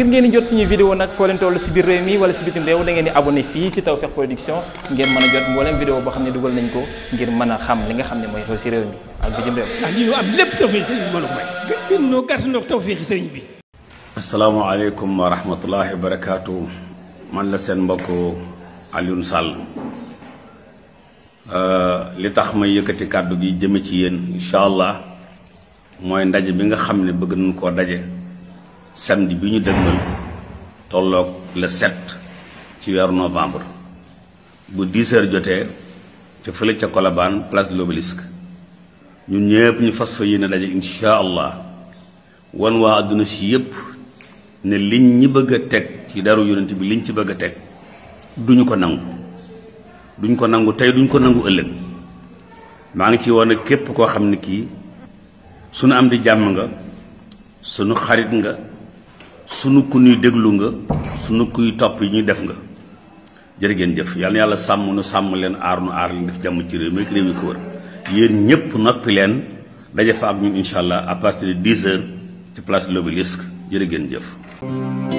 ngir ngeen di jot suñu vidéo nag foo leen toll si biir réew mi wala si bitim réew da ngeen di abonné fii si Tawfekh Production ngeen mën a jot mboolem vidéo boo xam ne dugal nañ ko ngir mën a xam li nga xam ne mooy xew si réew mi ak bitim réew. ndax ah, lii ñu am lépp bi mën a bi. asalaamaaleykum wa rahmatulahi wa man la seen mbokk Alioune Sall euh, li tax may yëkkati kàddu gi jëme ci yéen incha allah mooy ndaje bi nga xam ne bëgg nañ koo daje. samedi bi ñu dëgmal tolloog le 7 ci weeru novembre bu 10 jotee ca fële ca Colobane place de l'Obélisque ñun ñëpp ñu fas fa yéene daje incha allah wan waa àdduna si yëpp ne liñ ñi bëgg a teg ci daru yonent bi liñ ci bëgg a teg duñu ko nangu duñ ko nangu tey duñ ko nangu ëllëg maa ngi ci woon képp koo xam ne kii sunu am di jàmm nga sunu xarit nga sunu ku ñuy déglu nga sunu kuy topp yi ñuy def nga jërë ngeen jëf yàlla yàlla sàmm nu sàmm leen aar nu aar leen def jàmm ci réew mi ak réew yi ko wër yéen ñëpp noppi leen daje fa ak ñun incha allah à partir de 10 heures ci place de l'Obélisque jërë ngeen jëf.